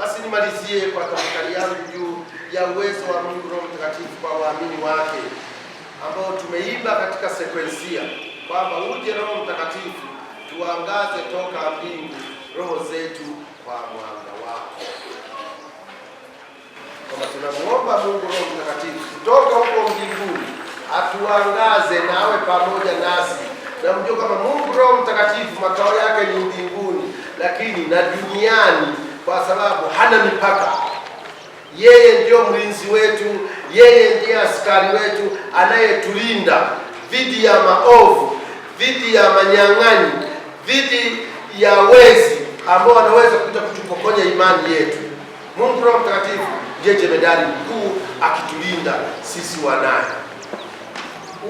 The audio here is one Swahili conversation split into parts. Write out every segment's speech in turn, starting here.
Basi nimalizie kwa tafakari yangu juu ya uwezo wa Mungu Roho Mtakatifu kwa waamini wake ambao tumeimba katika sekwensia kwamba uje Roho Mtakatifu, tuangaze toka mbingu roho zetu kwa mwanga wako. Kama tunamuomba Mungu Roho Mtakatifu kutoka huko mbinguni atuangaze, nawe pamoja nasi na mjua kama Mungu Roho Mtakatifu makao yake ni mbinguni, lakini na duniani kwa sababu hana mipaka. Yeye ndio mlinzi wetu, yeye ndiye askari wetu anayetulinda dhidi ya maovu, dhidi ya manyang'anyi, dhidi ya wezi ambao wanaweza kuja kutupokonya imani yetu. Mungu Roho Mtakatifu ndiye jemedari mkuu akitulinda sisi wanaye.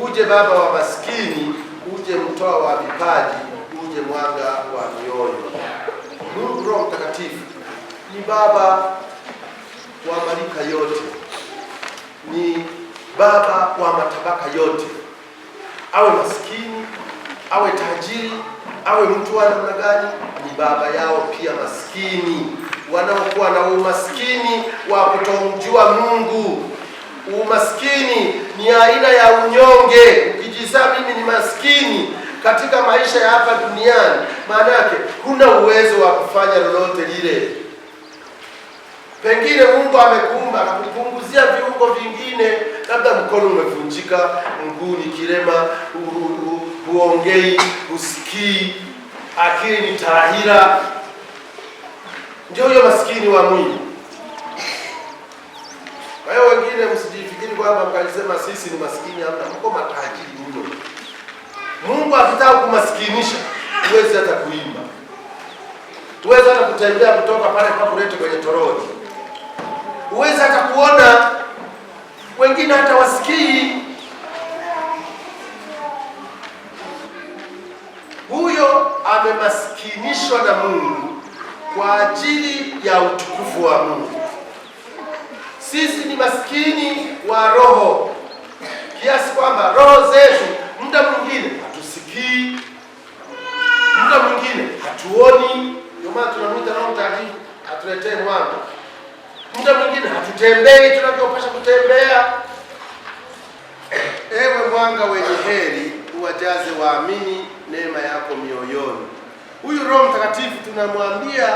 Uje baba wa maskini, uje mtoa wa vipaji, uje mwanga wa mioyo. Mungu Roho Mtakatifu ni baba wa marika yote, ni baba wa matabaka yote, awe maskini, awe tajiri, awe mtu wa namna gani, ni baba yao pia maskini wanaokuwa na umaskini wa kutomjua Mungu. Umaskini ni aina ya unyonge. Ukijisaa mimi ni maskini katika maisha ya hapa duniani, maana yake huna uwezo wa kufanya lolote lile. Pengine Mungu amekuumba na kupunguzia viungo vingine, labda mkono umevunjika, mguu ni kilema, huongei, usikii, akili ni taahira. Ndio huyo maskini wa mwili. Kwa hiyo wengine msijifikiri kwamba mkalisema sisi ni maskini, hata mko matajiri mno. Mungu akitaka kumaskinisha huwezi hata kuimba, tuweza hata kutembea kutoka pale pakulete kwenye toroli huwezi hata kuona, wengine hata wasikii. Huyo amemaskinishwa na Mungu kwa ajili ya utukufu wa Mungu. Sisi ni maskini wa roho, kiasi kwamba roho zetu muda mwingine hatusikii, muda mwingine hatuoni. Ndio maana tunamwita Roho Mtakatifu atuletee mwanga. Muda mwingine hatutembei tunavyopasha kutembea. Ewe mwanga wenye heri, uwajaze waamini neema yako mioyoni. Huyu Roho Mtakatifu tunamwambia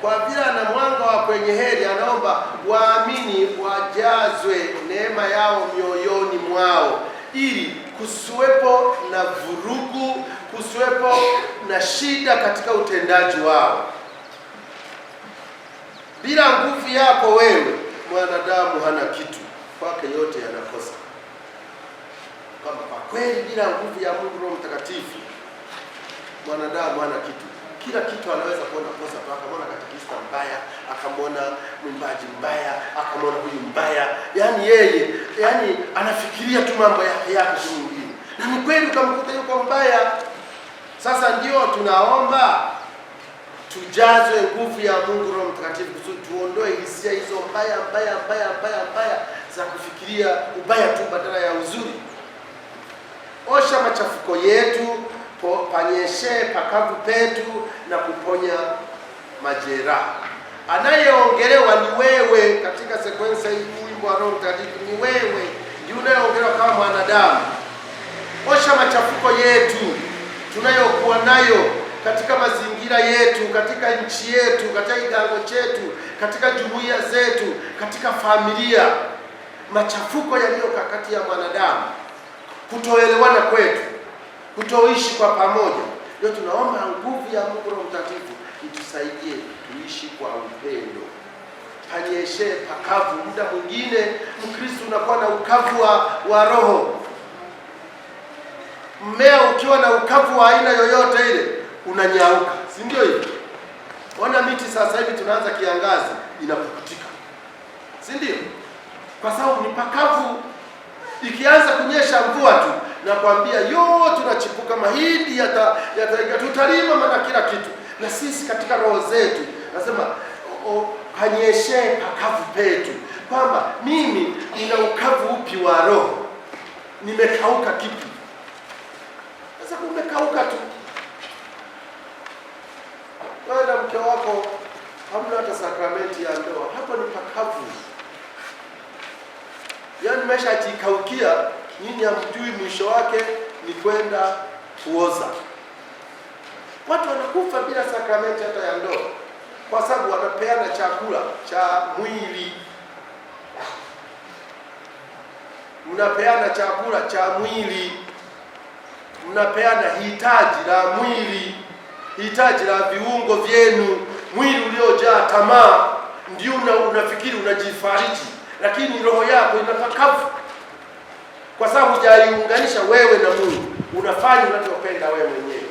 kwa vile ana mwanga wa kwenye heri, anaomba waamini wajazwe neema yao mioyoni mwao, ili kusiwepo na vurugu, kusiwepo na shida katika utendaji wao. Bila nguvu yako wewe, mwanadamu hana kitu, kwake yote yanakosa. Kama kwa kweli bila nguvu ya Mungu Roho Mtakatifu, mwanadamu hana kitu. Kila kitu anaweza kuona kosa, akamwona katekista mbaya, akamwona mwimbaji mbaya, akamwona huyu mbaya, yaani yeye, yaani anafikiria tu mambo yake yake tu mwingine, na ni kweli utamkuta yuko mbaya. Sasa ndio tunaomba tujazwe nguvu ya Mungu Roho Mtakatifu kusudi tuondoe hisia hizo mbaya mbaya mbaya mbaya mbaya za kufikiria ubaya tu badala ya uzuri. Osha machafuko yetu, panyeshe pakavu petu na kuponya majeraha. Anayeongelewa ni wewe. Katika sekwensa hii wimbo wa Roho Mtakatifu ni wewe ndio unayeongelewa kama mwanadamu. Osha machafuko yetu tunayokuwa nayo katika mazingira yetu, katika nchi yetu, katika kigango chetu, katika jumuiya zetu, katika familia, machafuko yaliyo kati ya mwanadamu, kutoelewana kwetu, kutoishi kwa pamoja. Ndio tunaomba nguvu ya Mungu Roho Mtakatifu itusaidie tuishi kwa upendo. Panyeshe pakavu. Muda mwingine Mkristo unakuwa na ukavu wa, wa roho. Mmea ukiwa na ukavu wa aina yoyote ile unanyauka, si ndio hivi? Ona miti sasa hivi tunaanza kiangazi, inapukutika, si ndio? Kwa sababu ni pakavu. Ikianza kunyesha mvua tu, nakwambia yote tunachipuka mahindi yata, yata, tutalima maana kila kitu. Na sisi katika roho zetu nasema kanyeshe pakavu petu, kwamba mimi nina ukavu upi wa roho, nimekauka kipi? Sasa kumekauka tu wewe na mke wako hamna hata sakramenti ya ndoa. Hapo ni pakavu, yaani mmeshajikaukia nyinyi, hamjui mwisho wake ni kwenda kuoza. Watu wanakufa bila sakramenti hata ya ndoa, kwa sababu wanapeana chakula cha mwili, mnapeana chakula cha mwili, mnapeana hitaji la mwili hitaji la viungo vyenu. Mwili uliojaa tamaa ndio una unafikiri unajifariji, lakini roho yako inapakavu, kwa sababu hujaiunganisha wewe na Mungu. Unafanya unachopenda wewe mwenyewe,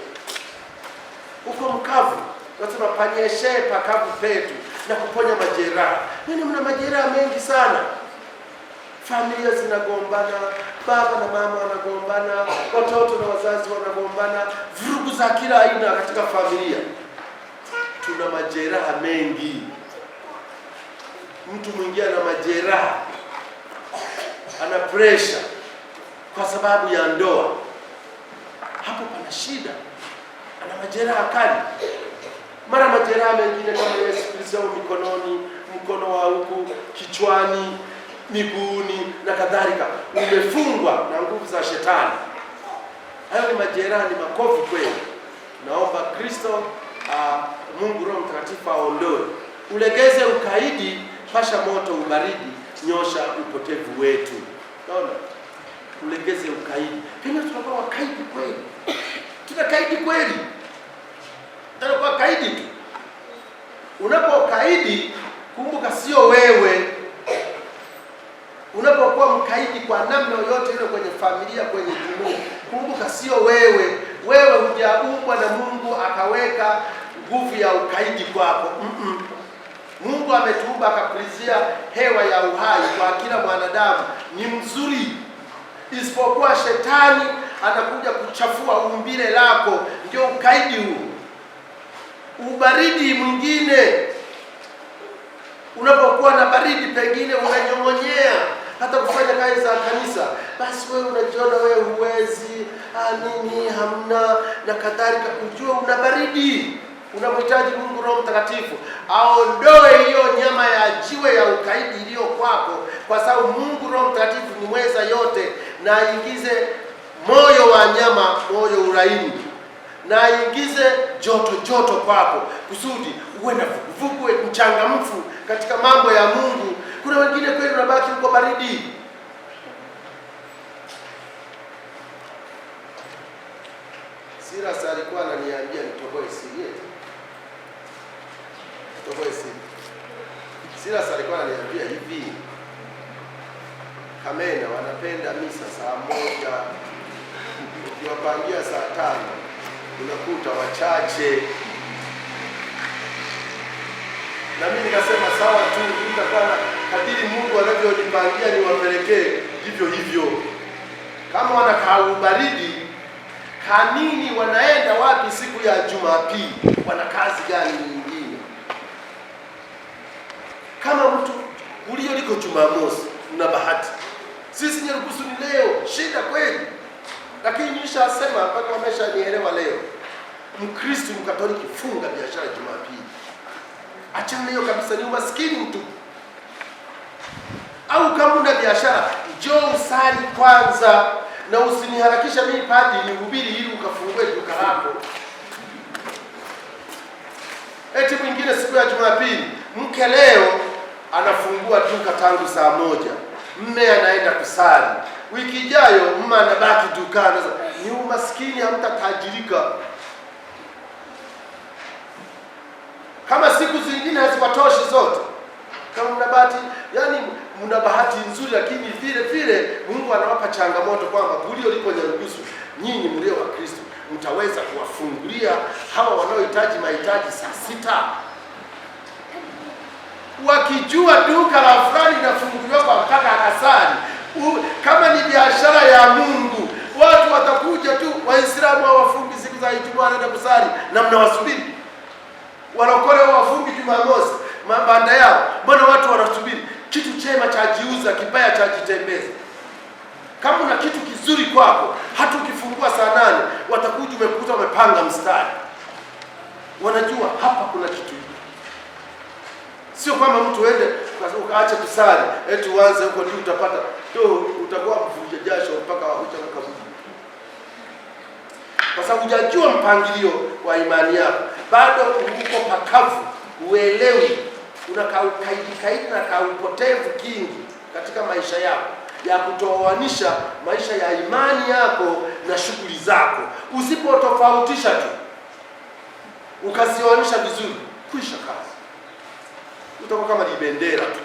uko mkavu. Nasema panyeshe pakavu petu na kuponya majeraha. Nini, mna majeraha mengi sana Familia zinagombana, baba na mama wanagombana, watoto na wazazi wanagombana, za kila aina katika familia. Tuna majeraha mengi, mtu mwingine ana majeraha, ana pressure kwa sababu ya ndoa, hapo pana shida, ana majeraha kali. Mara majeraha mengine kama Yesu Kristo mikononi, mkono wa huku, kichwani, miguuni na kadhalika, umefungwa na nguvu za Shetani. Hayo ni majeraha, ni makofi kweli. Naomba Kristo uh, Mungu Roho Mtakatifu aondoe, ulegeze ukaidi, pasha moto ubaridi, nyosha upotevu wetu. Naona ulegeze ukaidi, pengine tunakuwa wakaidi kweli, tunakaidi kweli, tunakuwa kaidi tu. Unapokaidi kumbuka, sio wewe unapokuwa mkaidi kwa namna yoyote ile, kwenye familia, kwenye jumuiya, kumbuka sio wewe wewe hujaumbwa na Mungu akaweka nguvu ya ukaidi kwako. mm -mm. Mungu ametuumba akapulizia hewa ya uhai kwa kila mwanadamu, ni mzuri, isipokuwa shetani anakuja kuchafua umbile lako, ndio ukaidi huu, ubaridi mwingine. Unapokuwa na baridi, pengine unanyong'onyea hata kufanya kazi za kanisa, basi wewe unajiona wewe huwezi, ah, nini, hamna na kadhalika. Ujue una baridi, unamhitaji Mungu Roho Mtakatifu aondoe hiyo nyama ya jiwe ya ukaidi iliyo kwako, kwa sababu Mungu Roho Mtakatifu ni mweza yote, na aingize moyo wa nyama, moyo uraini na aingize joto joto kwako, kusudi uwe na vuguvugu, mchangamfu katika mambo ya Mungu kuna wengine kweli unabaki huko baridi. Sirasa alikuwa ananiambia nitoboe siri yetu, nitoboe siri. Sirasa alikuwa ananiambia hivi, Kamena wanapenda misa saa moja, ukiwapangia saa tano unakuta wachache na mimi nikasema sawa tu, nitakuwa kadiri Mungu anavyonipangia niwapelekee hivyo hivyo. Kama wana kaubaridi kanini, wanaenda wapi siku ya Jumapili? Wana kazi gani nyingine? Kama mtu ulio liko Jumamosi, una bahati. Sisi Nyarugusu ni leo shida kweli, lakini nishasema mpaka wameshanielewa leo. Mkristo Mkatoliki funga biashara Jumapili. Achana hiyo kabisa, ni umaskini mtu. Au kama una biashara, njoo usali kwanza na usiniharakisha mimi padi nihubiri ili ukafungue duka lako. Eti mwingine siku ya Jumapili, mke leo anafungua duka tangu saa moja, mme anaenda kusali, wiki ijayo mma anabaki dukani. Ni umaskini, hamtatajirika. siku zingine haziwatoshi zote. Kama mna bahati, yani mna bahati nzuri, lakini vile vile Mungu anawapa changamoto kwamba gulio liko Nyarugusu. Nyinyi mlio wa Kristo mtaweza kuwafungulia hawa wanaohitaji mahitaji saa sita, wakijua duka la fulani linafunguliwa kwa mpaka hasani Kama ni biashara ya Mungu, watu watakuja tu. Waislamu hawafungi siku za Ijumaa, kusali na mnawasubiri wanaokolewa wafungi Jumamosi mabanda yao. Mbona watu wanasubiri? Kitu chema cha jiuza, kibaya cha jitembeza. Kama una kitu kizuri kwako, hata ukifungua saa nane watakuja, umekuta umepanga mstari, wanajua hapa kuna kitu. Sio kwamba mtu ende ukaache kusali eti uanze huko ndio utapata tu, utakuwa mvuja jasho mpaka uchakamka, kwa sababu hujajua mpangilio wa imani yako bado uko pakavu, uelewi, unakaikaidi na kaupotevu kingi katika maisha yako ya kutoanisha maisha ya imani yako na shughuli zako. Usipotofautisha tu ukazioanisha vizuri, kuisha kazi, utakuwa kama ni bendera tu,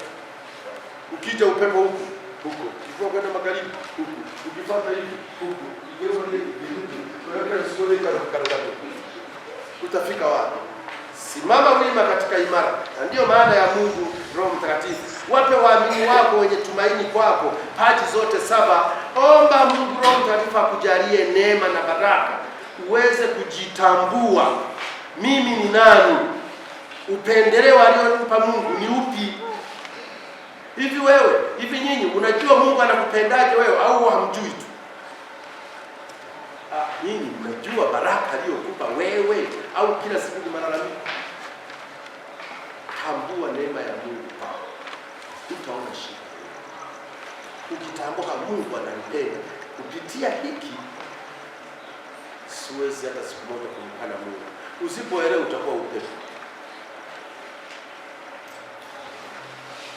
ukija upepo huku huko, ukifua kwenda magharibi huku, ukifanya hivi huku, igeuka hivi huku, unaweka sio utafika wapi? Simama wima katika imara, na ndiyo maana ya Mungu Roho Mtakatifu. Wape waamini wako wenye tumaini kwako hati zote saba. Omba Mungu Roho Mtakatifu akujalie neema na baraka uweze kujitambua, mimi ni nani, upendeleo aliyonipa Mungu ni upi? Hivi wewe, hivi nyinyi, unajua Mungu anakupendaje wewe, au hamjui tu? nini? mnajua baraka aliyokupa wewe au kila siku ni malalamiko? Tambua neema ya Mungu kwako, utaona shida ukitambuka Mungu ananipenda kupitia hiki, siwezi hata siku moja kumkana Mungu. Usipoelewa utakuwa upepo.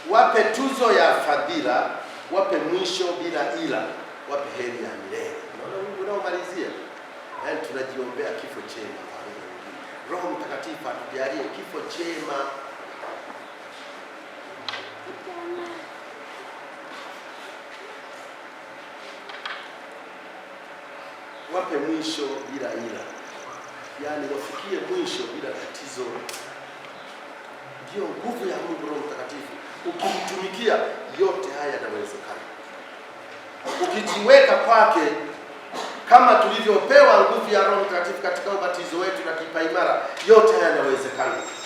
Wape tuzo ya fadhila, wape mwisho bila ila, wape heri ya milele. Unaona Mungu unaomalizia yaani tunajiombea kifo chema. Roho Mtakatifu atujalie kifo chema. Wape mwisho bila ila, yaani wafikie mwisho bila tatizo. ndio nguvu ya Mungu Roho Mtakatifu. Ukimtumikia yote haya yanawezekana, ukijiweka kwake kama tulivyopewa nguvu ya Roho Mtakatifu katika ubatizo wetu na kipaimara, yote haya yanawezekana.